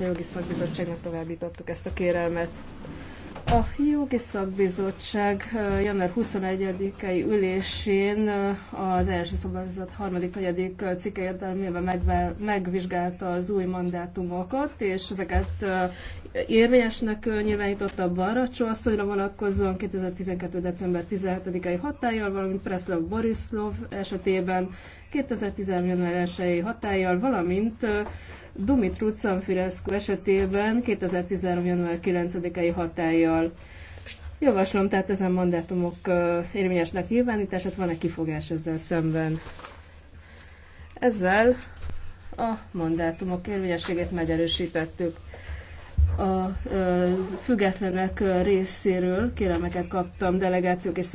A jogi szakbizottságnak továbbítottuk ezt a kérelmet. A jogi szakbizottság január 21-i ülésén az első szabályzat harmadik negyedik cikke értelmében megvizsgálta az új mandátumokat, és ezeket érvényesnek nyilvánította a Barracsó asszonyra vonatkozóan 2012. december 17-i hatállyal, valamint Preslov Borislov esetében 2013. január 1 hatállyal, valamint Dumitru Canfireszku esetében 2013. január 9-i hatállyal. Javaslom tehát ezen mandátumok érvényesnek nyilvánítását, van-e kifogás ezzel szemben? Ezzel a mandátumok érvényességét megerősítettük a függetlenek részéről kérelmeket kaptam delegációk és